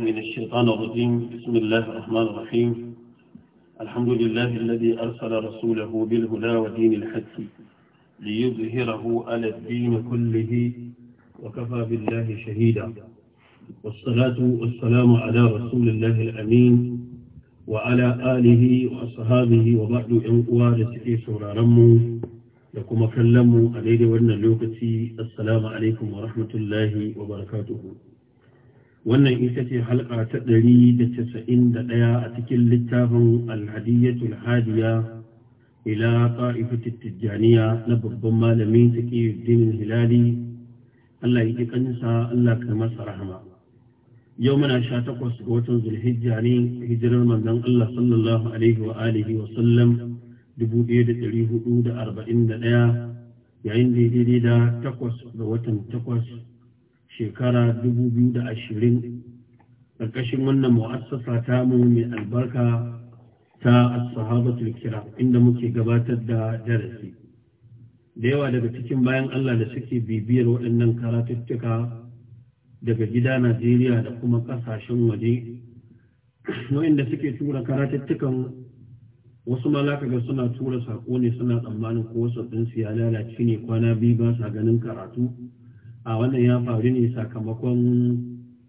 من الشيطان الرجيم بسم الله الرحمن الرحيم الحمد لله الذي أرسل رسوله بالهدى ودين الحق ليظهره على الدين كله وكفى بالله شهيدا والصلاة والسلام على رسول الله الأمين وعلى آله وأصحابه وبعد أنقوى لسكي سورة رمو لكم أكلموا عليه وأن السلام عليكم ورحمة الله وبركاته wannan ita ce halka ta ɗari da casa'in da ɗaya a cikin littafin alhadiyatul hadiya ila ƙa'ifatul tijjaniya na babban malami suke dinin hilali Allah ya ji kansa Allah ka masa rahama yau muna sha takwas ga watan zulhijja ne hijirar manzon Allah sallallahu alaihi wa alihi wa sallam dubu da yayin daidai da takwas ga watan takwas shekara dubu biyu da ashirin ƙarƙashin wannan mu'assasa ta mu mai albarka ta sahabatul kira inda muke gabatar da darasi da yawa daga cikin bayan Allah da suke bibiyar waɗannan karatuttuka daga gida Najeriya da kuma ƙasashen waje waɗanda suke tura karatuttukan wasu malaka ga suna tura sako ne suna tsammanin ko wasu ɗinsu ya lalace ne kwana biyu ba sa ganin karatu a wannan ya faru ne sakamakon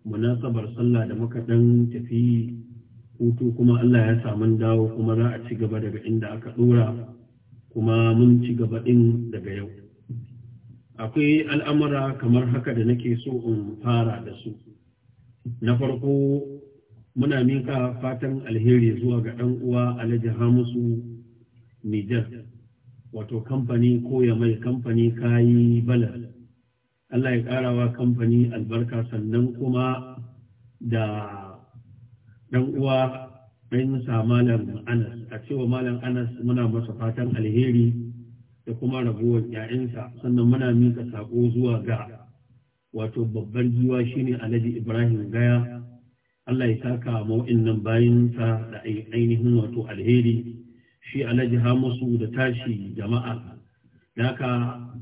munasabar sallah da muka dan tafi hutu kuma Allah ya samu dawo kuma za a ci gaba daga inda aka dora kuma mun ci gaba din daga yau akwai al'amura kamar haka da nake so in fara da su na farko muna mika fatan alheri zuwa ga ɗan uwa alhaji hamusu nijar wato kamfani ko mai kamfani kayi balar Allah ya ƙara wa kamfani albarka sannan kuma da ɗan uwa sa malam anas a cewa malam anas muna masa fatan alheri da kuma rabuwar 'ya'yansa sannan muna mika saƙo zuwa ga wato babbar giwa shine alhaji ibrahim gaya Allah ya saka nan bayansa da ainihin wato alheri shi alhaji hamisu da tashi jama'a Daka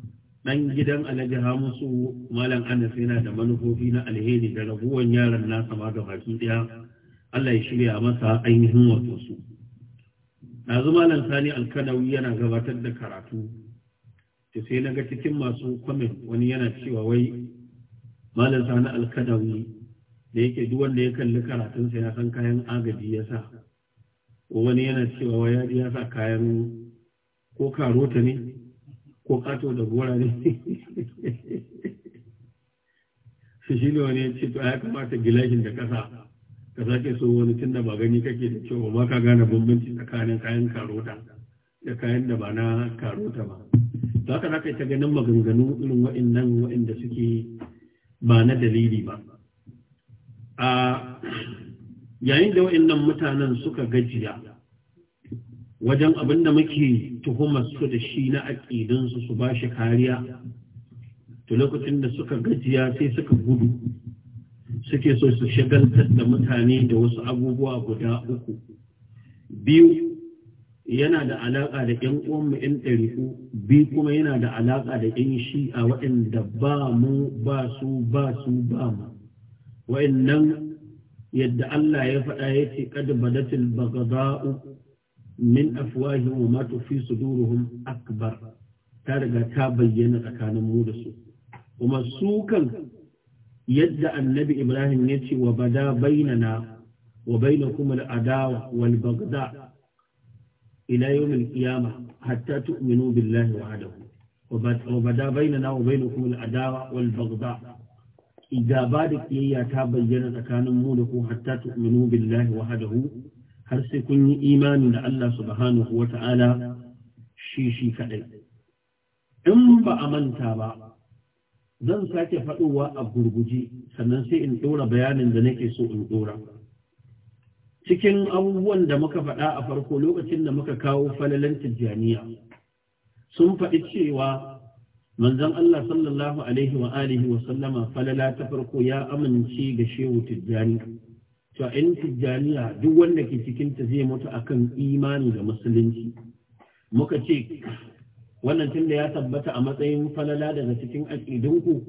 dan gidan alhaji hamusu malam anas yana da manufofi na alheri da raguwan yaran nasa ma da baki daya Allah ya shirya masa ainihin wato su yanzu malam sani alkanawi yana gabatar da karatu to sai na ga cikin masu kwamin wani yana cewa wai malam sani alkanawi da yake duk wanda ya kalli karatunsa ya san kayan agaji ya sa wani yana cewa wai ya sa kayan ko karota ne ko kato da gora ne shi ne wani ya ce to ya kamata gilashin da kasa ka sake so wani tun da ba gani kake da kyau ba ka gane bambanci tsakanin kayan karota da kayan da ba na karota ba za ka zaka ta ganin maganganu irin wa'in da suke ba na dalili ba a yayin da nan mutanen suka gajiya wajen abin da muke tuhumar su da shi na aƙidinsu su ba shi kariya to lokacin da suka gajiya sai suka gudu suke so su shagaltar da mutane da wasu abubuwa guda uku biyu yana da alaƙa da ‘yan uwanmu ‘yan ɗariƙu bi kuma yana da alaƙa da ‘yan shi'a waɗanda ba mu ba su ba su ba mu waɗannan yadda Allah ya faɗa ya ce kad badatil bagada'u من أفواههم وما تخفي صدورهم أكبر ترجع تبين أكان مورس وما سوكا يدعى النبي إبراهيم نتي وبدا بيننا وبينكم الأداوة والبغضاء إلى يوم القيامة حتى تؤمنوا بالله وعده وبدا بيننا وبينكم الأداوة والبغضاء إذا بعدك يا تابا جنة كان حتى تؤمنوا بالله وحده har sai kun yi imani da Allah subhanahu waTa'ala ta'ala shi shi kaɗai. In ba a manta ba, zan sake faɗowa a gurguje sannan sai in ɗora bayanin da nake so in ɗora. Cikin abubuwan da muka faɗa a farko lokacin da muka kawo falalan tijjaniya, sun faɗi cewa manzon Allah sallallahu alaihi wa wa sallama falala ta farko ya amince ga shehu tijjani. a ‘yan tijjaniya duk wanda ke cikin ta zai mutu akan imani da musulunci muka ce wannan tun da ya tabbata a matsayin falala daga cikin aƙidunku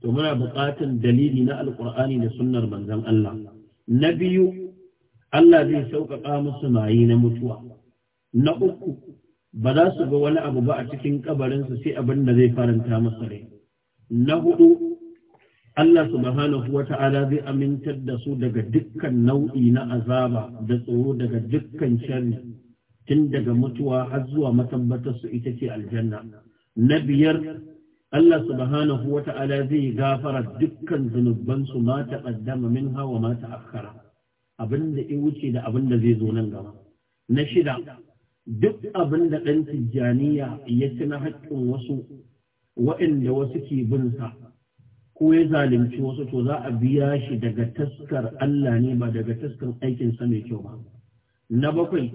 to muna buƙatar dalili na alƙur'ani da sunnar manzon Allah na biyu Allah zai sauƙaƙa musu mayi na mutuwa na uku ba za su ga wani abu ba a cikin kabarinsu sai abin da zai faranta masa rai na hudu Allah subhanahu wa ta'ala zai amintar da su daga dukkan nau'i na azaba da tsoro daga dukkan sharri tun daga mutuwa har zuwa matabbatar su ita ce aljanna na biyar Allah subhanahu wa ta'ala zai gafara dukkan zunubansu ma ta ƙaddama min hawa ma ta akkara abin da wuce da abin da zai zo nan gaba. Na shida, duk abin da ɗan tijjaniya ya ci na haƙƙin wasu waɗanda wasu ke bin sa ko ya zalunci wasu to za a biya shi daga taskar Allah ne ba daga taskar aikin sa mai kyau ba na bakwai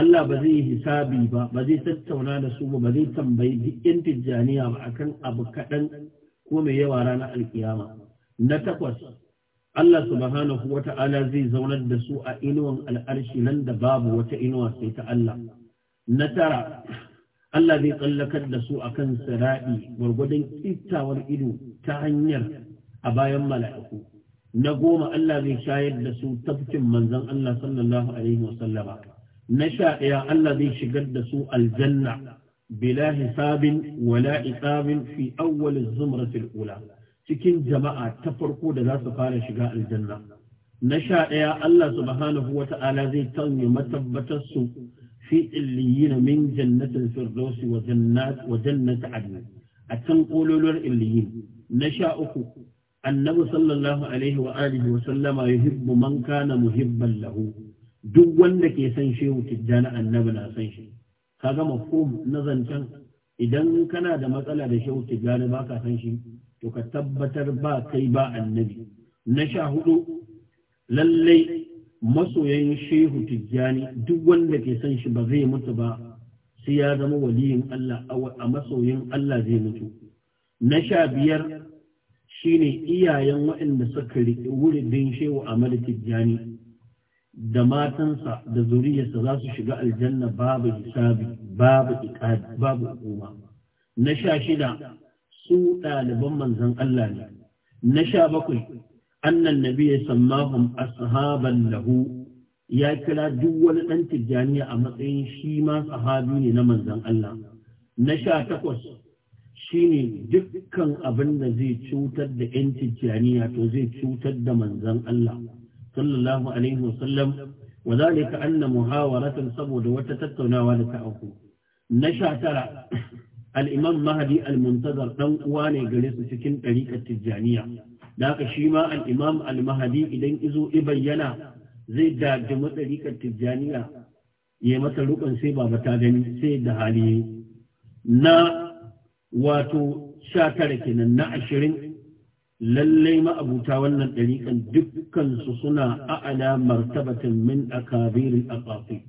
Allah ba zai hisabi ba ba zai tattauna da su ba ba zai tambayi duk yan tijjaniya ba akan abu kaɗan ko mai yawa ranar alkiyama na takwas Allah subhanahu wa ta'ala zai zaunar da su a inuwan al'arshi nan da babu wata inuwa sai ta Allah na tara Allah zai tsallakar da su a kan siraɗi gwargwadon kiftawar ido ta hanyar a bayan mala'iku na goma Allah zai shayar da su tafkin manzon Allah sallallahu alaihi wasallama na sha ɗaya Allah zai shigar da su aljanna bila hisabin wala isabin fi awwal zumratil ula cikin jama'a ta farko da za su fara shiga aljanna na sha ɗaya Allah subhanahu wata'ala zai tanya matabbatar su في إليين من جنة الفردوس وجنات وجنة عدن أتنقول للإليين نشاؤك النبي صلى الله عليه وآله وسلم يحب من كان محبا له duk wanda ke san shehu tijjani annabi na san shi gama fom na zancen idan kana da matsala da shehu tijjani ba ka san shi to ka tabbatar ba kai ba annabi na sha hudu lallai masoyan shehu tijjani duk wanda ke son shi ba zai mutu ba sai ya zama waliyin Allah a masoyin Allah zai mutu na sha biyar shine iyayen waɗanda suka riƙe wuridin shehu Ahmadu Tijjani da matansa da zuriyarsa za su shiga aljanna babu hisabi babu iqad babu hukuma na sha shida su ɗaliban manzon Allah ne na sha bakwai annan nabi sammahum ashaban lahu ya kira duk wani dan tijjaniya a matsayin shi ma sahabi ne na manzon Allah na sha takwas shine dukkan abin da zai cutar da yan tijjaniya to zai cutar da manzon Allah sallallahu alaihi wasallam وذلك أن محاورة صبود وتتتنا tara نشا ترى الإمام مهدي uwa ne gare su cikin طريقة tijjaniya. da haka shi ma al-imam al idan izo i bayyana zai daji matsarikar tijjaniya ya masa rukun sai baba ta gani sai da hali na wato sha tara kenan na ashirin lallai ma'abuta wannan ɗariƙan dukkansu suna a'ala martabatin min akabirin aqafi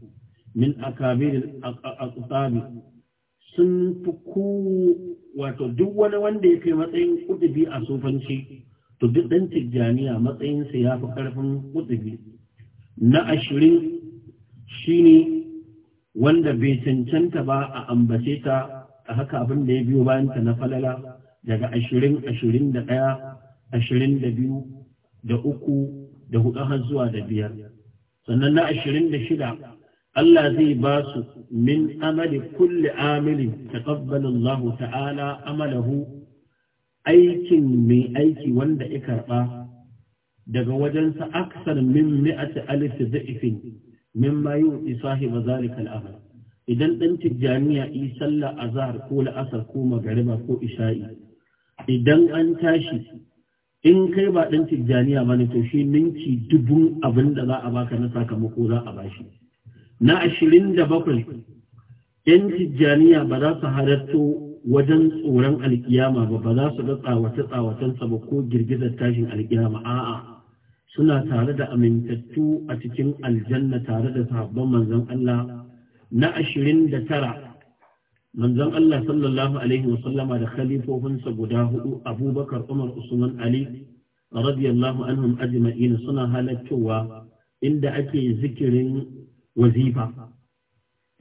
min akabirin sun fi ku wato duk wani wanda ya kai matsayin kudubi a sufanci to duk ɗan tijjaniya matsayinsa ya fi ƙarfin kutubi na ashirin shine wanda bai cancanta ba a ambace ta a haka abin da ya biyo bayanta na falala daga ashirin ashirin da ɗaya ashirin da biyu da uku da hudu har zuwa da biyar sannan na ashirin da shida Allah zai ba su min amali kulli amilin taqabbala Allah ta'ala amalahu aikin mai aiki wanda ya karɓa daga wajensa aksar min mi'ati alif da'ifin min ma yi sahiba zalika al'amal idan ɗan tijjaniya yi sallah azhar ko la'asar ko magariba ko isha'i idan an tashi in kai ba ɗan tijjaniya ba ne to shi ninki dubun abin da za a baka na sakamako za a bashi na ashirin da bakwai ‘yan tijjaniya ba za su halatto wajen tsoron alkiyama ba ba za su ga tsawace-tsawacensa ba ko girgizar tashin alkiyama a'a suna tare da amintattu a cikin aljanna tare da sahabban manzon Allah na ashirin da tara manzon Allah sallallahu alaihi wa sallama da khalifofinsa guda hudu Abubakar Umar Usman Ali radiyallahu anhum ajma'in suna halattowa inda ake zikirin wazifa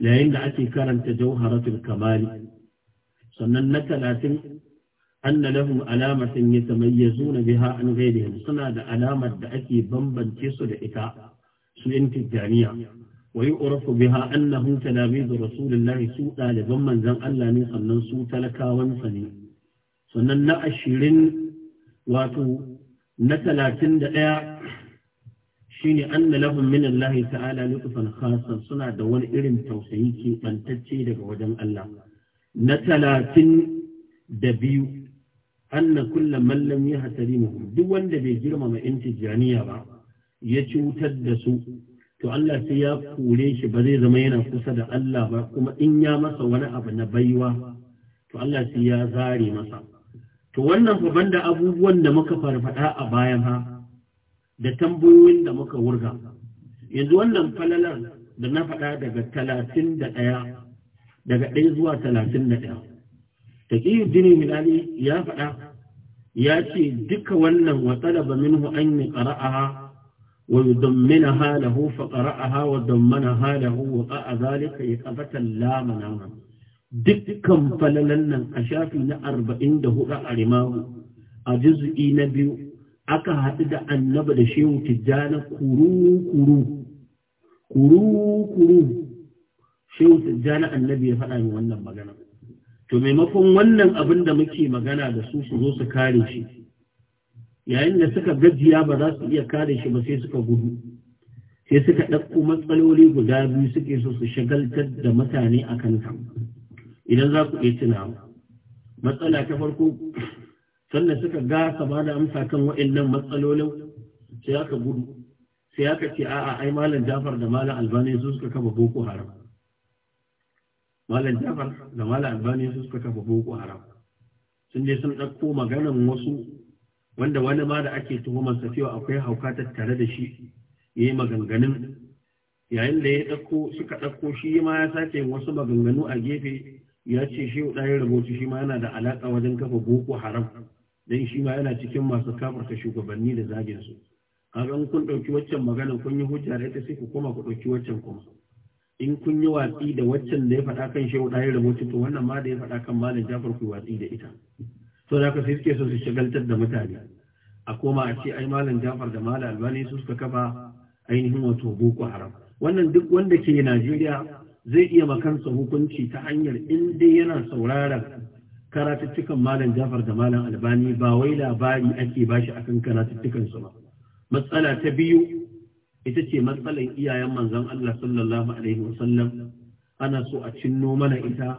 yayin da ake karanta jauharatul kamali sannan na talatin an na lahum alamatin ya na biha an gaidihim suna da alamar da ake bambance su da ita su yan tijjaniya wa yi urafu biha annahum talabizu rasulullahi su ɗaliban manzan Allah ne sannan su talakawansa ne sannan na ashirin wato na talatin da ɗaya shine anna lahum min Allah ta'ala lutfan khasan suna da wani irin tausayi ke daga wajen Allah na talatin da biyu anna kulla mallam ya hasari duk wanda bai girmama in tijjaniya ba ya cutar da su to Allah sai ya kore shi ba zai zama yana kusa da Allah ba kuma in ya masa wani abu na baiwa to Allah sai ya zare masa to wannan fa banda abubuwan da muka farfada a bayan ha da tambayoyin da muka wurga yanzu wannan falalar da na faɗa daga talatin da ɗaya daga ɗaya zuwa talatin da ɗaya taƙi jini milali ya faɗa ya ce duka wannan wa talaba minhu an yi ƙara'aha wa yudammina halahu fa ƙara'aha wa dammana halahu wa ƙa'a zalika ya ƙabatan lamana dukkan falalan nan a shafi na arba'in da a rimahu a juz'i na biyu aka haɗu da annaba da shehu tijjana kuru kuru kuru kuru shehu tijjani annabi ya faɗa min wannan magana to maimakon wannan abin da muke magana da su su zo su kare shi yayin da suka gajiya ba za su iya kare shi ba sai suka gudu sai suka ɗauko matsaloli guda biyu suke so su shagaltar da mutane a kanta idan za ku iya tunawa matsala ta farko sannan suka gasa ba da amsa kan wa'annan matsalolin sai aka gudu sai aka ce a'a ai malam jafar da malam albani su suka kafa boko haram malam jafar da malam albani su suka kafa boko haram sun je sun ɗauko maganan wasu wanda wani ma da ake tuhumar sa cewa akwai hauka tattare da shi yayi maganganun yayin da ya ɗauko suka ɗauko shi ma ya sace wasu maganganu a gefe ya ce shi da ya rubutu shi ma yana da alaka wajen kafa boko haram dan shi ma yana cikin masu kafarta shugabanni da zagin su kaga kun ɗauki waccan maganar kun yi hujja da ita sai ku koma ku ɗauki waccan kuma in kun yi watsi da waccan da ya faɗa kan shehu ɗaya rubutu to wannan ma da ya faɗa kan malam jafar ku watsi da ita to da sai suke so su shagaltar da mutane a koma a ce ai malam jafar da malam albani su suka kafa ainihin wato boko haram wannan duk wanda ke najeriya zai iya makansa hukunci ta hanyar in dai yana sauraron karatuttukan malam jafar da malam albani ba wai labari ake bashi akan su ba matsala ta biyu ita ce matsalar iyayen manzon Allah sallallahu alaihi wasallam ana so a cinno mana ita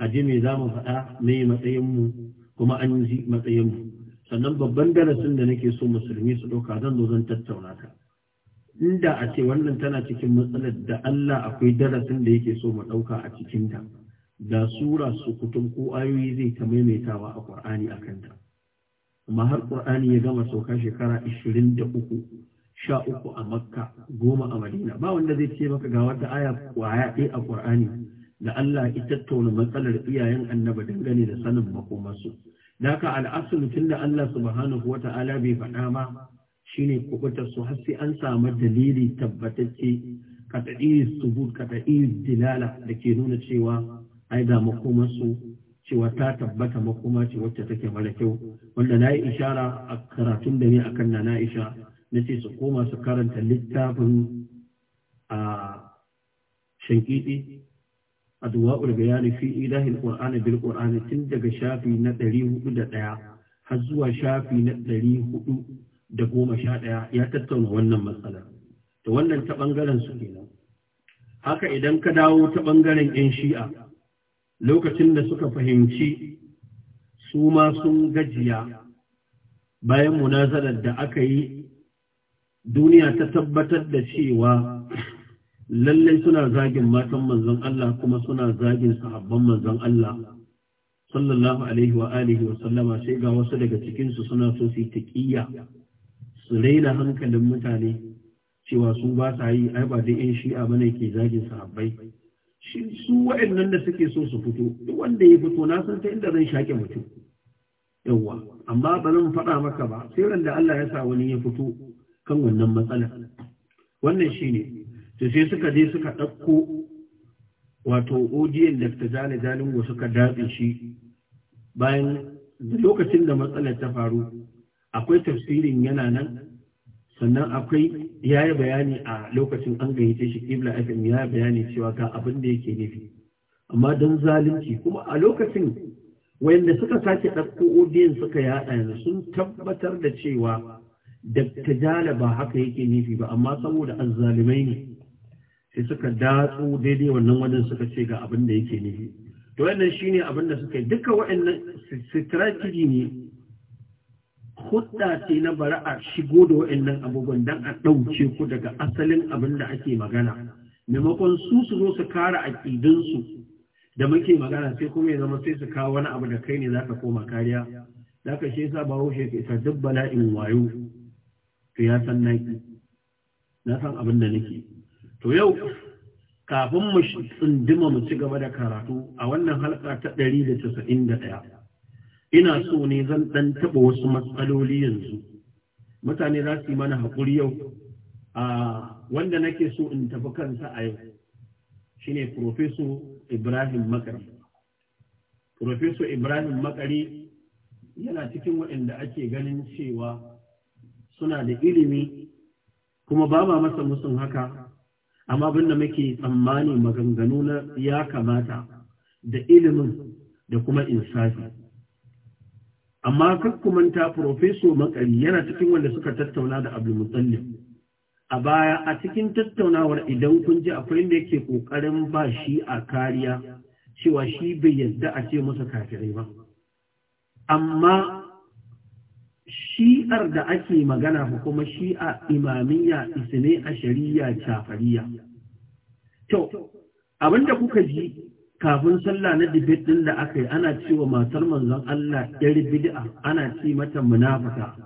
a ji me za mu faɗa me matsayin mu kuma an ji matsayin mu sannan babban darasin da nake so musulmi su ɗauka zan zo zan tattauna ta inda a ce wannan tana cikin matsalar da Allah akwai darasin da yake so mu ɗauka a cikin ta da sura su kutum ko ayoyi zai ta maimaitawa a Qur'ani akan ta amma har Qur'ani ya gama sauka shekara 23 sha uku a makka goma a madina ba wanda zai ce maka ga wata aya kwaya ɗaya a ƙur'ani da Allah ya tattauna matsalar iyayen annaba dangane da sanin makomarsu daka al'asul tun da Allah subhanahu wa ta'ala bai faɗa ma shine kubutar su har sai an samu dalili tabbatacce kata'i subut kata'i dilala da ke nuna cewa ai ga makomarsu cewa ta tabbata makoma ce wacce take mara kyau wanda na yi ishara a karatun da ne akan na na isha na ce su koma su karanta littafin a shankiti a duwa'ul bayani fi ilahin qur'ani bil qur'ani tun daga shafi na ɗaya har zuwa shafi na ɗaya ya tattauna wannan matsala da wannan ta ɓangaren su kenan haka idan ka dawo ta ɓangaren yan shi'a lokacin da suka fahimci su ma sun gajiya bayan munazarar da aka yi duniya ta tabbatar da cewa lallai suna zagin matan manzon Allah kuma suna zagin sahabban manzon Allah sallallahu alaihi wa alihi wa sallama sai ga wasu daga cikin su suna so su taqiya su raina hankalin mutane cewa su ba sa yi ai ba dai yan shi'a bane ke zagin sahabbai shi su wa'annan da suke so su fito duk wanda ya fito na san ta inda zan shake mutum yawwa amma ba zan faɗa maka ba sai da Allah ya sa wani ya fito kan wannan matsalar wannan shi ne, to sai suka je suka ɗauko wato odiyan da ta zane wasu suka datse shi bayan lokacin da matsalar ta faru akwai tafsirin yana nan sannan akwai ya yi bayani a lokacin an gayyace shi kibla fm ya yi bayani cewa ga abin da yake nufi amma don zalunci kuma a lokacin wayanda suka sake ɗauko odiyan suka yaɗa yanzu sun tabbatar da cewa daktajala ba haka yake nufi ba amma saboda azzalimai ne sai suka datsu daidai wannan wajen suka ce ga abin da yake nufi to wannan shine abin da suka yi duka waɗannan strategy ne hudda ce na bara a shigo da waɗannan abubuwan dan a ɗauke ku daga asalin abin da ake magana maimakon su su zo su kara aƙidinsu da muke magana sai kuma ya zama sai su kawo wani abu da kai ne zaka koma kariya zaka shi yasa bawo shi ka isa duk bala'in wayo to ya san naki na san abin da nake to yau kafin mu tsunduma mu ci gaba da karatu a wannan halka ta 191 ina so ne zan dan taba wasu matsaloli yanzu mutane za su yi mana haƙuri yau a wanda nake so in tafi kansa a yau shine professor Ibrahim Makari Profeso Ibrahim Makari yana cikin waɗanda ake ganin cewa suna da ilimi kuma ba ma masa musun haka amma abinda muke tsammani maganganu na ya kamata da ilimin da kuma insafi amma kakkumanta profeso makari yana cikin wanda suka tattauna da abdulmutsallim a baya a cikin tattaunawar idan kun ji akwai da yake kokarin ba shi a kariya cewa shi bai yadda a ce masa kafirai ba amma shi'ar da ake magana ko kuma shi'a imamiyya isne a shari'a shafariya to abinda kuka ji kafin sallah na dibet ɗin da aka yi ana cewa matar manzon Allah yar bid'a ana ci mata munafuka!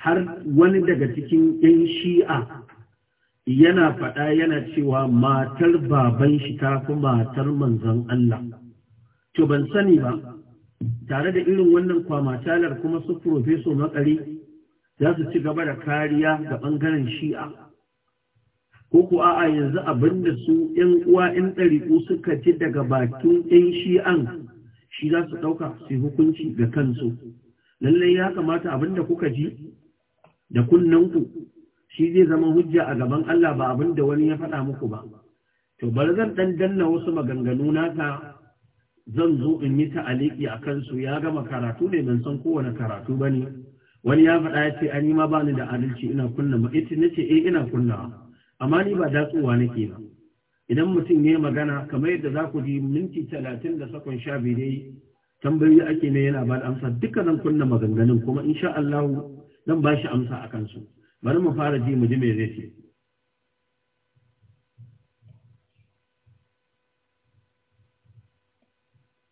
har wani daga cikin yan shi'a yana faɗa yana cewa matar baban shi ta fi matar manzon Allah to ban sani ba tare da irin wannan kwamatalar kuma su profeso makari za su ci gaba da kariya ga ɓangaren shi'a ko kuwa a yanzu abin da su ‘yan uwa ‘yan ɗariƙo suka ci daga bakin ‘yan shi'an shi za su ɗauka su hukunci ga kansu lallai ya kamata abin da kuka ji da kunnanku shi zai zama hujja a gaban Allah ba abin da wani ya faɗa muku ba to bari zan ɗan danna wasu maganganu naka zan zo in yi ta'aliki a kansu ya gama karatu ne ban san kowane karatu ba ne wani ya faɗa ya ce an yi ma bani da adalci ina kunna ma ita na ce eh ina kunna amma ni ba datsuwa nake ba idan mutum ya yi magana kamar yadda za ku ji minti talatin da sakon sha biyu dai tambayoyi ake ne yana ba da amsa duka zan kunna maganganun kuma insha Allah zan ba shi amsa a kansu bari mu fara ji mu ji me zai ce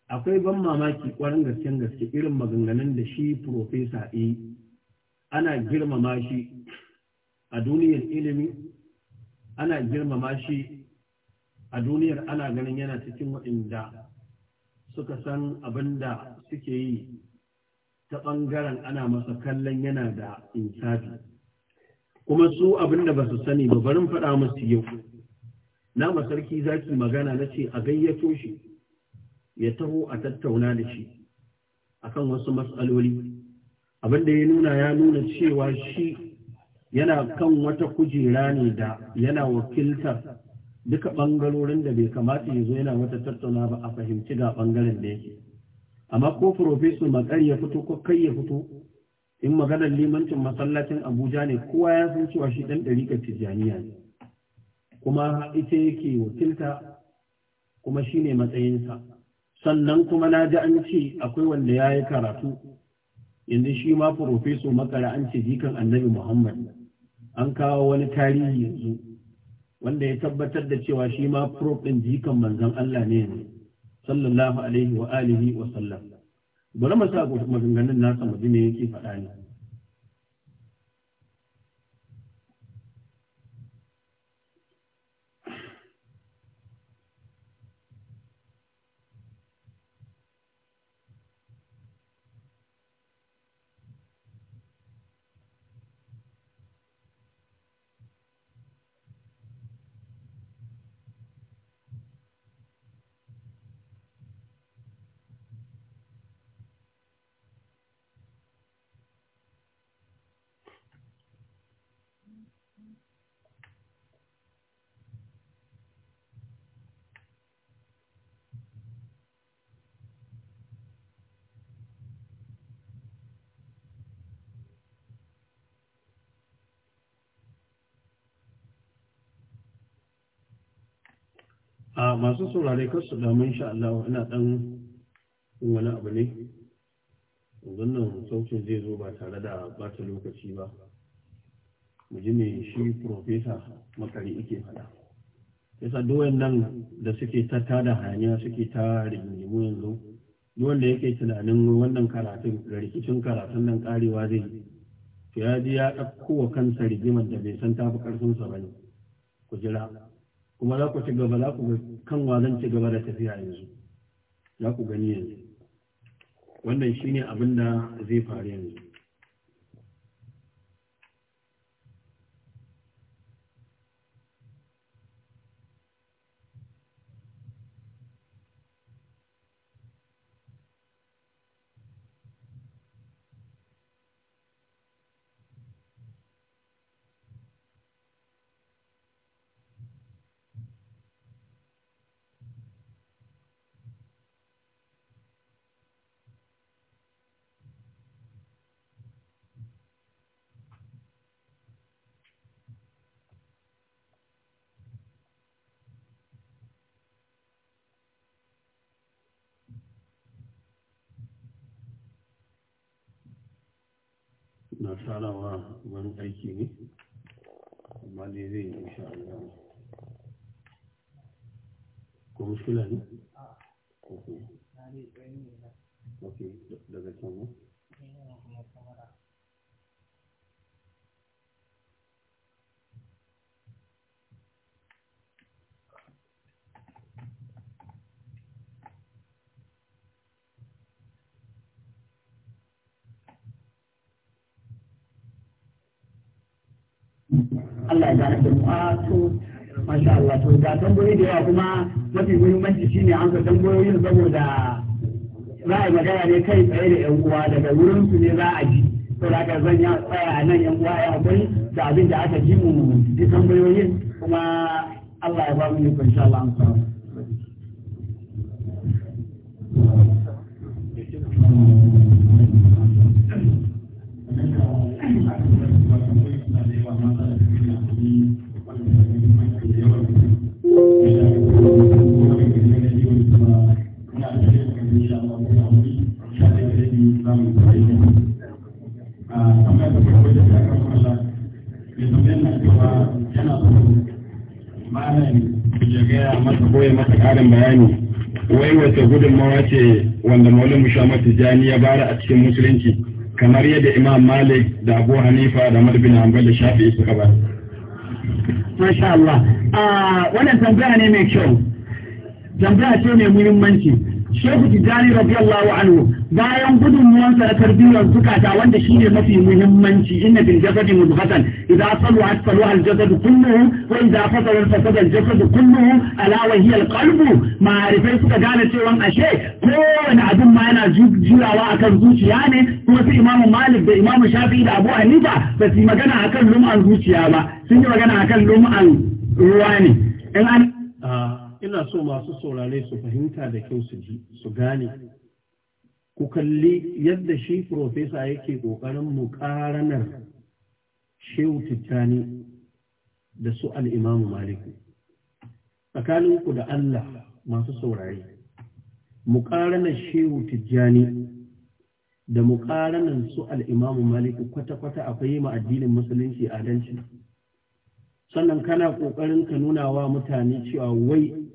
akwai ban mamaki kwarin gasken gaske irin maganganun da shi profesa e ana girmama shi a duniyar ilimi ana girmama shi a duniyar ana ganin yana cikin waɗanda suka san abin da suke yi ta ɓangaren ana masa kallon yana da insafi kuma su abin da ba su sani ba barin faɗa musu yau na masarki zaki magana na ce a gayyato shi ya taho a tattauna da shi akan wasu matsaloli abin da ya nuna ya nuna cewa shi yana kan wata kujera ne da yana wakiltar duka ɓangarorin da bai kamata ya zo yana wata tattauna ba a fahimci ga ɓangaren da yake amma ko Profesa makar ya fito ko kai ya fito in maganar limancin masallacin abuja ne kowa ya san cewa shi ɗan ɗarikar tijjaniya ne kuma ita yake wakilta kuma shine matsayinsa sannan kuma na ji an ce akwai wanda ya yi karatu yanzu shi ma profeso makara an ce jikan annabi muhammad an kawo wani tarihi yanzu wanda ya tabbatar da cewa shi ma prof ɗin jikan manzon allah ne yanzu sallallahu alaihi wa alihi wa sallam bari mu sa maganganun nasa mu ji me yake faɗa ne a masu saurare kar su damu insha Allah ina dan wani abu ne wannan sautin zai zo ba tare da bata lokaci ba mu ji ne shi profesa makari yake faɗa yasa doyen nan da suke ta tada hayaniya suke ta rigimu yanzu wanda yake tunanin wannan karatun da rikicin karatun nan karewa zai ya ji ya ɗauko wa kansa rigimar da bai san tafi ƙarfinsa ba ne ku jira kuma za ku ci gaba za ku kan wazan ci gaba da tafiya yanzu za ku gani yanzu wannan shine abin da zai faru yanzu na tsarawa wani aiki ne amma ne zai yi insha Allah ko mushkila ne? Ah. ok daga can Allah mu to masha Allah to ga tambayoyi da yawa kuma mafi muhimmanci shine an ga tambayoyin saboda za a magana ne kai tsaye da yan uwa daga wurin su ne za a ji to da ka zan ya tsaya a nan yan uwa ya akwai da abin da aka ji mu ji tambayoyin kuma Allah ya ba mu ne insha Allah an ahmad tijani ya bara a cikin musulunci kamar yadda imam malik da abu hanifa da marbin hanbal da shafi'i suka ba masha Allah ah, wannan tambaya ne mai kyau tambaya ce mai muhimmanci Shehu Tijjani radiyallahu anhu bayan gudunmuwan sa na tarbiyyar zukata wanda shi ne mafi muhimmanci inna bil jasadi mudghatan idza salwa salwa al jasadu kulluhu wa idza fasada fasada al jasadu kulluhu ala wa hiya al qalbu ma'arifai suka gane cewa ashe kowane abin ma yana jurawa akan zuciya ne kuma su Imam Malik da Imam Shafi'i da Abu Hanifa ba su magana akan lum'an zuciya ba sun yi magana akan lum'an ruwa ne in an ah. ina so masu saurare su fahimta da kyau su ji su gane ku kalli yadda shi profesa yake ƙoƙarin ƙaranar shehu tijjani da su al'imamu maliku tsakaninku da Allah masu saurare muƙaranar shehu tijjani da mu ƙaranan su al'imamu maliku kwata-kwata akwai ma addinin musulunci adalci sannan kana ƙoƙarin ka nuna wa mutane cewa wai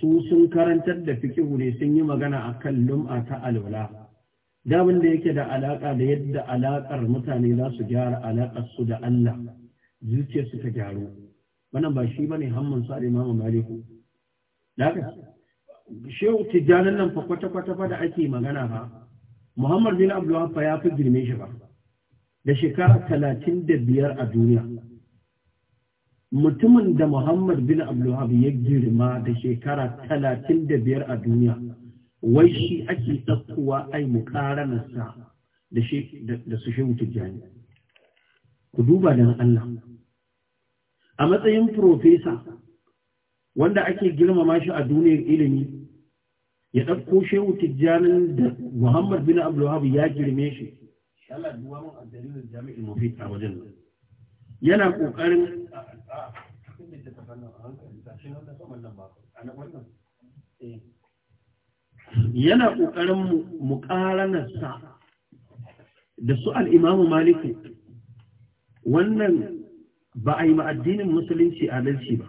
su sun karantar da fikihu ne sun yi magana a kan lum'a ta alwala damin da yake da alaƙa da yadda alaƙar mutane za su gyara alaƙar su da Allah zuciya su ta gyaru wannan ba shi bane hamman sa da imamu maliku daga shehu tijjanin nan fa kwata kwata fa da ake magana ba muhammad bin abdullah fa ya fi girme shi ba da shekara talatin da biyar a duniya mutumin da Muhammad bin Abdulwahab ya girma da shekara talatin da biyar a duniya wai shi ake ɗaukowa ai nasa da su shehu tijjani ku duba don Allah a matsayin profesa wanda ake girmama shi a duniyar ilimi ya ɗauko shehu tijjanin da Muhammad bin Abdulwahab ya girme shi Allah duwa mun a jami'in mafi a wajen yana ƙoƙarin yana ƙoƙarin muƙaranarsa da su al'imamu maliki wannan ba a yi ma'addinin musulunci a adalci ba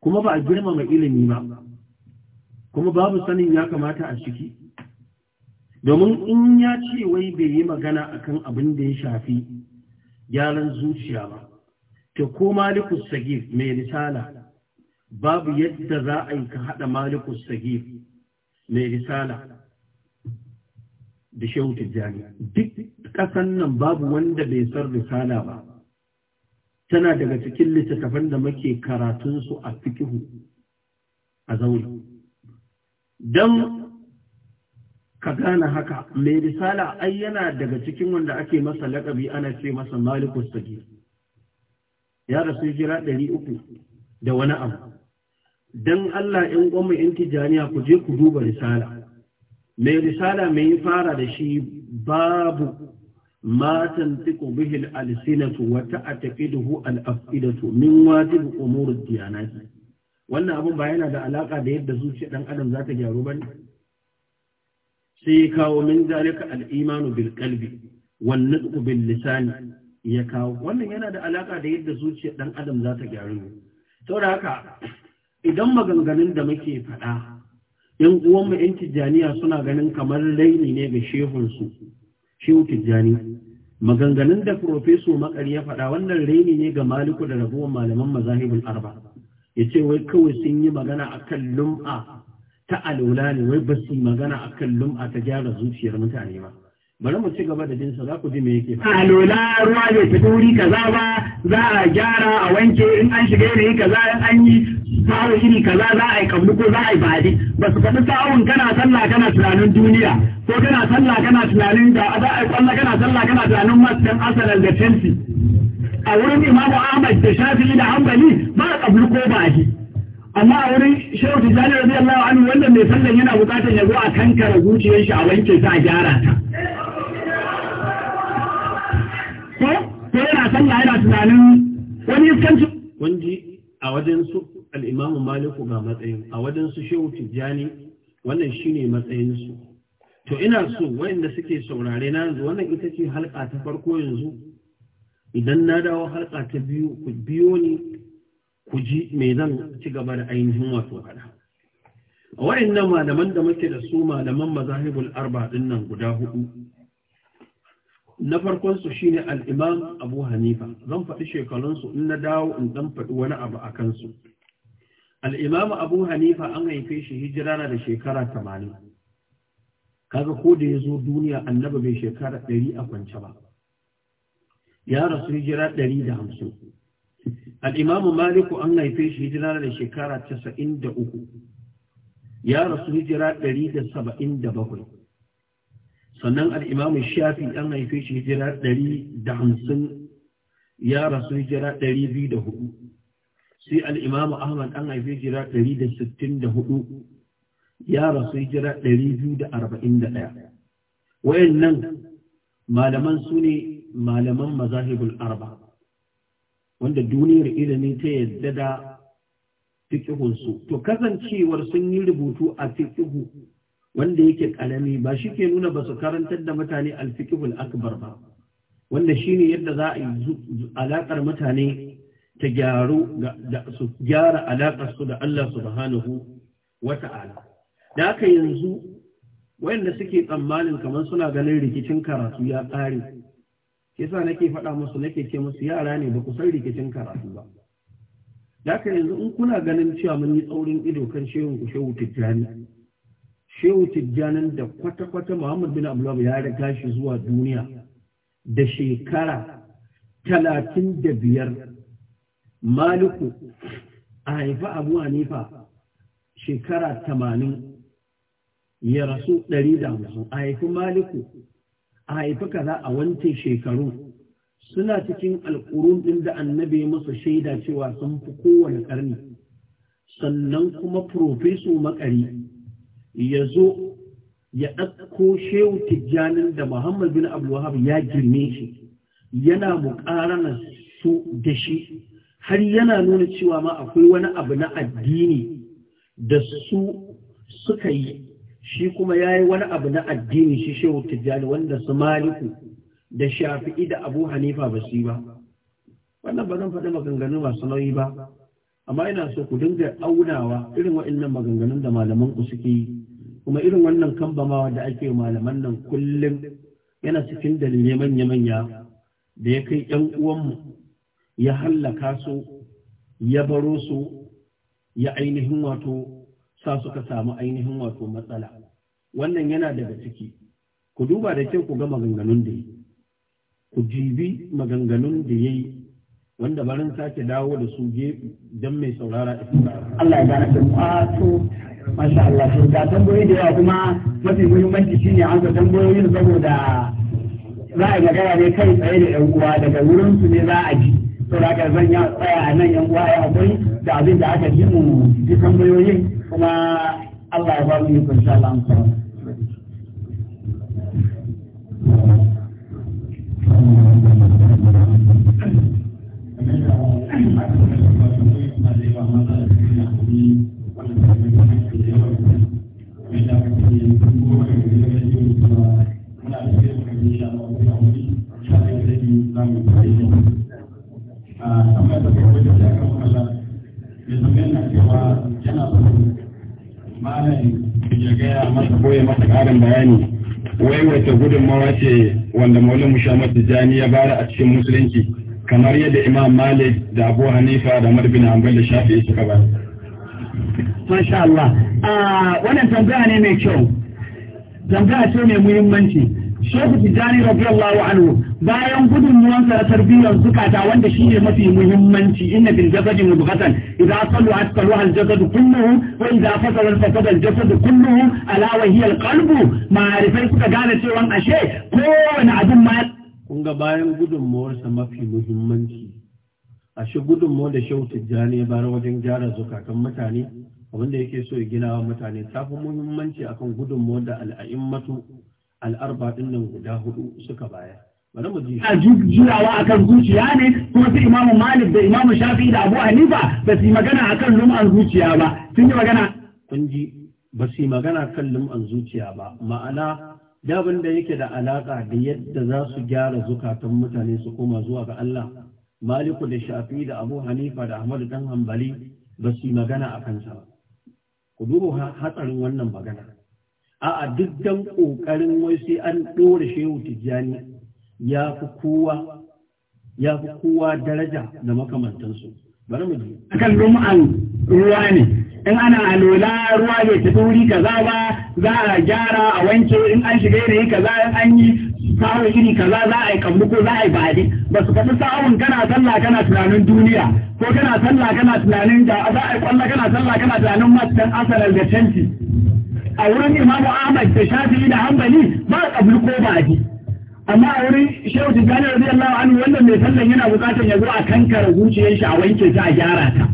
kuma ba a girmama ilimi ba kuma babu sanin ya kamata a ciki domin in ya ce wai bai yi magana akan abin da ya shafi gyaran zuciya ba ta ko malikus sagif mai risala babu yadda za a yi ka haɗa malikus sagif mai risala da shehu jami. duk ƙasan nan babu wanda bai san risala ba tana daga cikin littattafan da muke karatunsu a fikihu a zaune don ka gane haka mai risala ai yana daga cikin wanda ake masa lakabi ana ce masa malikus Sadiya. ya rasu jira ɗari uku da wani abu don Allah ‘yan goma ‘yan tijaniya ku je ku duba risala mai risala mai fara da shi babu matan tiku bihil alsinatu wata a al al'afidatu min wajib umurud diyanati wannan abun ba yana da alaka da yadda zuciya ɗan adam za ta gyaru ba ne sai kawo min zalika al-imanu bil qalbi wal nutqu bil lisan ya kawo wannan yana da alaka da yadda zuciyar dan adam za ta gyaru saboda haka idan maganganun da muke faɗa yan uwanmu yan tijjaniya suna ganin kamar laini ne ga su shehu tijjani maganganun da profeso makari ya faɗa wannan raini ne ga maliku da rabuwan malaman mazahibul arba ya ce wai kawai sun yi magana akan lum'a ta alula ne wai ba su magana a kan lum'a ta gyara zuciyar mutane ba bari mu ci gaba da jinsa za ku ji me yake lola ruwa bai fito wuri kaza ba za a gyara a wanke in an shiga yanayi kaza in an yi sawo iri kaza za a yi kablu ko za a yi baɗi ba su faɗi sawun kana sallah kana tunanin duniya ko kana sallah kana tunanin da za a yi kwallo kana sallah kana tunanin masjidin Arsenal da chelsea a wurin imamu ahmad da shafi'i da hanbali ba a kablu ko baɗi amma a wurin shehu tijjani Allah anhu wanda mai sallan yana bukatar ya zo a kankara zuciyar shi a wanke sa a gyara ta ko ko yana sallah yana tunanin wani iskanci kunji a wajen su Al'imamu maliku ga matsayin a wajen su shehu tijjani wannan shine matsayin su to ina so wayanda suke saurare na yanzu wannan ita ce halka ta farko yanzu idan na dawo halka ta biyu ku biyo ni ku ji me zan ci gaba da ainihin wato faɗa a waɗannan malaman da muke da su malaman mazahibul arba ɗin nan guda hudu na farkon su shine al abu hanifa zan faɗi shekarunsu in na dawo in ɗan faɗi wani abu a kansu al abu hanifa an haife shi hijira na da shekara tamanin kaga ko da ya zo duniya annabi bai shekara ɗari a kwance ba ya rasu hijira hamsin. al'imamu maliku an haife shi hijira da shekara 93 ya rasu hijira bakwai. sannan al'imamu shafi an haife shi hijira 150 ya rasu hijira hudu, sai al'imamu ahmad an haife hijira 164 ya rasu hijira 241 wayan nan malaman su ne malaman mazahibul arba wanda duniyar ilimi ta yadda da fiƙihunsu to kasancewar sun yi rubutu a fiƙihu wanda yake ƙarami ba shi ke nuna ba su karantar da mutane alfikihul akbar ba wanda shine yadda za a yi alaƙar mutane ta gyara alaƙar su da Allah subhanahu wa ta'ala da haka yanzu wayanda suke tsammanin kamar suna ganin rikicin karatu ya ƙare yasa nake faɗa musu nake ce musu yara ne ba ku san rikicin karatu ba da haka yanzu in kuna ganin cewa mun yi tsaurin ido kan shehun ku shehu tijjani shehu tijjanin da kwata-kwata muhammad bin abdullahi ya riga shi zuwa duniya da shekara talatin da biyar maliku a haifi abu hanifa shekara tamanin ya rasu ɗari da hamsin a haifi maliku a haifi kaza a wancan shekaru suna cikin alƙurun ɗin da annabi masa shaida cewa sun fi kowane ƙarni sannan kuma profeso makari ya zo ya ɗauko shehu tijjanin da muhammad bin abdulwahab ya girme shi yana muƙarana su da shi har yana nuna cewa ma akwai wani abu na addini da su suka yi shi kuma ya yi wani abu na addini shi shehu tijjani wanda su maliku da shafi'i da abu hanifa ba su yi ba wannan ba zan faɗi maganganu masu nauyi ba amma ina so ku dinga aunawa irin waɗannan maganganun da malaman ku suke yi kuma irin wannan kambamawa da ake malaman nan kullum yana cikin dalilai manya-manya da ya kai ‘yan uwanmu ya hallaka su ya baro su ya ainihin wato sa suka samu ainihin wato matsala wannan yana daga ciki ku duba da kyau ku ga maganganun da yi ku jibi maganganun da ya yi wanda barin sake dawo da su je don mai saurara Allah ya gane da kwato ah, masha Allah to ga tambayoyi da yawa kuma mafi muhimmanci shine an ga tambayoyin saboda za a magana ne kai tsaye da yan uwa daga wurin su ne za a ji saboda haka zan ya tsaya a nan yan uwa ya akwai da abin da aka ji mu ji tambayoyin kuma Allah ya ba mu tijani wai wata gudunmawa ce wanda maulin mushammad tijani ya bara a cikin musulunci kamar yadda imam malik da abu hanifa da marbin hanbal da shafi suka ba masha Allah ah, wannan tambaya ne mai kyau tambaya ce mai muhimmanci shehu tijjani radiyallahu anhu bayan gudunmuwan sa tarbiyyar zukata wanda shi ne mafi muhimmanci inna bil jasadi mudghatan idza sallu asqalu al jasadu kulluhu wa idza fasala fasada al jasadu kulluhu ala wa hiya al qalbu ma'arifai suka gane cewa ashe kowane abin ma kun ga bayan gudunmuwar sa mafi muhimmanci ashe gudunmuwar da shehu tijjani bar wajen gyara zukatan mutane abinda yake so ya gina wa mutane ta fi muhimmanci akan gudunmuwar da al'a'immatu al'arba ɗin nan guda hudu suka bayar a jurawa a kan zuciya ne ko su imamu malik da imamu shafi da abu hanifa ba su yi magana a kan lum'an zuciya ba sun yi magana kun ji ba su yi magana kan lum'an zuciya ba ma'ana dabin da yake da alaka da yadda za su gyara zukatan mutane su koma zuwa ga Allah maliku da shafi da abu hanifa da ahmadu dan hambali ba su yi magana a kansa ba ku duba hatsarin wannan magana a'a duk dan kokarin wai sai an ɗora shehu tijjani ya fi kowa ya fi kowa daraja da makamantansu bari mu ji kan lum'an ruwa ne in ana alola ruwa bai tafi wuri kaza ba za a gyara a wanke in an shiga yanayi kaza in an yi sawo iri kaza za a yi kambu ko za a yi baɗi ba su faɗi sawun kana sallah kana tunanin duniya ko kana sallah kana tunanin da za a yi kwallo kana sallah kana tunanin matan asalar da canci a wurin imamu ahmad da shafi'i da hambali ba kabli ko baɗi amma a wurin shehu tijjani Allah anhu wannan mai sallan yana bukatar ya zo a kankara zuciyar shi a wanke ta a gyara ta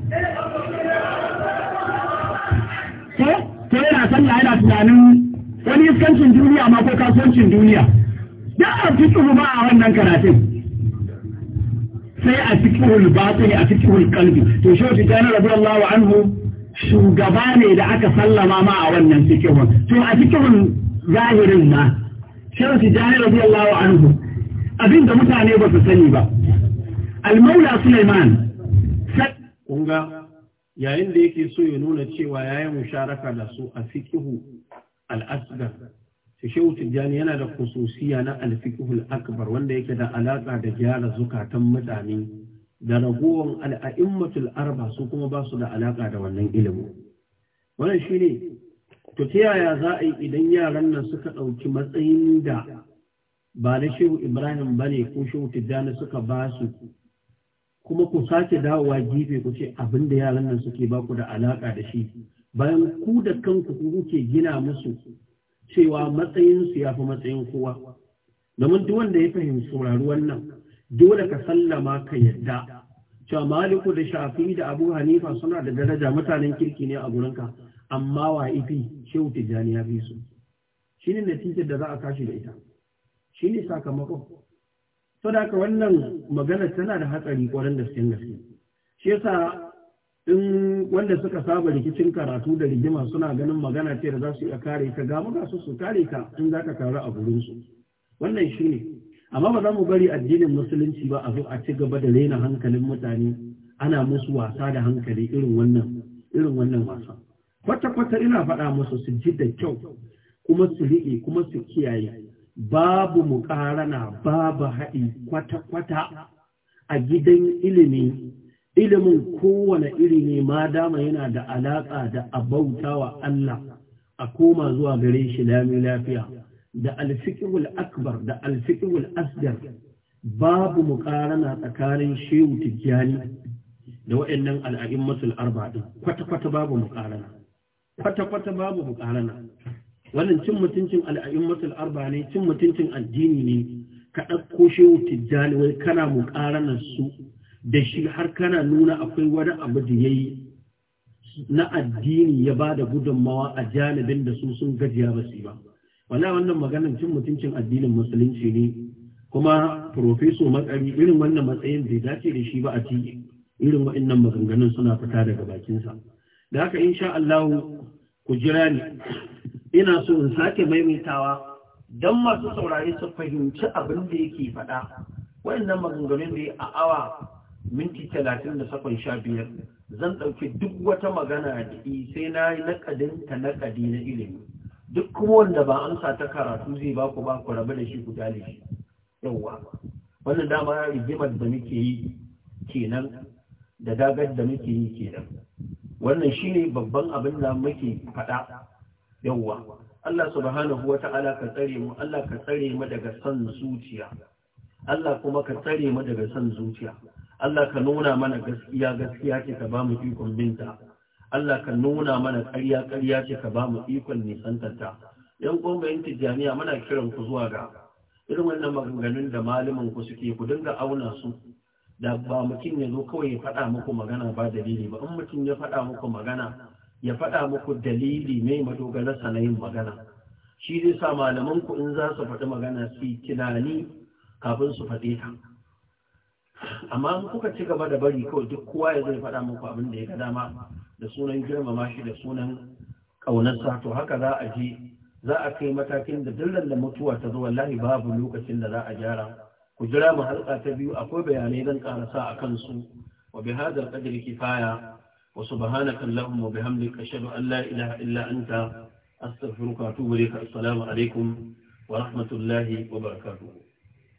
ko ko yana sallah yana tunanin wani iskancin duniya ma ko kasuwancin duniya da a fikihu ba a wannan karatun sai a ta batini a fikihul kalbi to shehu tijjani Allah anhu shugaba ne da aka sallama ma a wannan fikihun to a fikihun zahirin ma shirin su jani rabi Allah anhu abin da mutane ba su sani ba almaula Suleiman kunga yayin da yake so ya nuna cewa yayin musharaka da su a fiqhu al-asghar shi shehu tijjani yana da khususiya na al-fiqhu al-akbar wanda yake da alaka da gyara zukatan mutane da ragowar al-a'immatul arba su kuma ba su da alaka da wannan ilimi wannan shine to ta yaya za a yi idan yaran nan suka ɗauki matsayin da ba na shehu ibrahim ba ne ko shehu tijjani suka ba su kuma ku sake dawowa gefe ku ce abin da yaran nan suke ba ku da alaƙa da shi bayan ku da kanku kuke gina musu cewa matsayinsu ya fi matsayin kowa domin duk wanda ya fahimci saurari nan, dole ka sallama ka yadda cewa maliku da shafi da abu hanifa suna da daraja mutanen kirki ne a gurinka amma wa ifi shehu tijjani ya fi su shi ne natijar da za a kashi da ita shi ne sakamakon to da wannan magana tana da hatsari da gaskiyar gaske shi yasa in wanda suka saba rikicin karatu da rigima suna ganin magana ce da za su iya kare ka ga muka su su kare ka in za ka karu a su wannan shi ne amma ba za mu bari addinin musulunci ba a zo a ci gaba da raina hankalin mutane ana musu wasa da hankali irin wannan irin wannan wasa kwata-kwata ina faɗa masu su ji da kyau kuma su riƙe kuma su kiyaye babu mu muƙarana babu haɗi kwata-kwata a gidan ilimi ilimin kowane ilimi ma dama yana da alaƙa da wa Allah a koma zuwa gare shi lami lafiya da alfikihul akbar da alfikihul asgar babu mu muƙarana tsakanin shehu tijjani da wa'annan al'a'immatul arba'in kwata-kwata babu mu muƙarana kwata-kwata babu bukarana wannan cin mutuncin al'a'immatul arba ne cin mutuncin addini ne ka ɗauko shehu tijjani wai kana mukaranar su da shi har kana nuna akwai wani abu da ya yi na addini ya ba da gudunmawa a janibin da su sun gajiya ba su ba wala wannan maganar cin mutuncin addinin musulunci ne kuma profeso Matsayi, irin wannan matsayin bai dace da shi ba a ci irin waɗannan maganganun suna fita daga bakinsa. da haka insha Allah ku jira ni ina so in sake maimaitawa don masu saurari su fahimci abin da yake faɗa wayannan maganganun da a awa minti talatin da sakon sha zan ɗauki duk wata magana da sai na yi naƙadin ta naƙadi na ilimi duk kuma wanda ba amsa ta karatu zai ba ku ba ku rabu da shi ku dale shi yawwa wannan dama rigimar da muke yi kenan da dagar da muke yi kenan wannan shi ne babban abin da muke faɗa yawwa Allah subhanahu wa ta'ala ka tsare mu Allah ka tsare mu daga san zuciya Allah kuma ka tsare mu daga san zuciya Allah ka nuna mana gaskiya gaskiya ce ka ba mu ikon binta Allah ka nuna mana ƙarya ƙarya ce ka ba mu ikon nisantarta. yan yin tijjaniya muna kiran ku zuwa ga irin wannan maganganun da malamin ku suke ku dinga auna su da ba mutum ya zo kawai ya faɗa muku magana ba dalili ba in mutum ya faɗa muku magana ya faɗa muku dalili mai madogararsa na yin magana shi zai sa malaman ku in za su faɗi magana su tunani kafin su faɗe ta amma in kuka ci gaba da bari kawai duk kowa ya zai faɗa muku abin da ya ga dama da sunan girmama shi da sunan ƙaunarsa to haka za a je za a kai matakin da dillan da mutuwa ta zo wallahi babu lokacin da za a gyara ku jira mu halka ta biyu akwai bayanai zan karasa a kansu wa bi hadal qadri kifaya wa subhanaka allahumma wa bihamdika ashhadu an la ilaha illa anta astaghfiruka wa atubu ilaik assalamu alaikum wa rahmatullahi wa barakatuh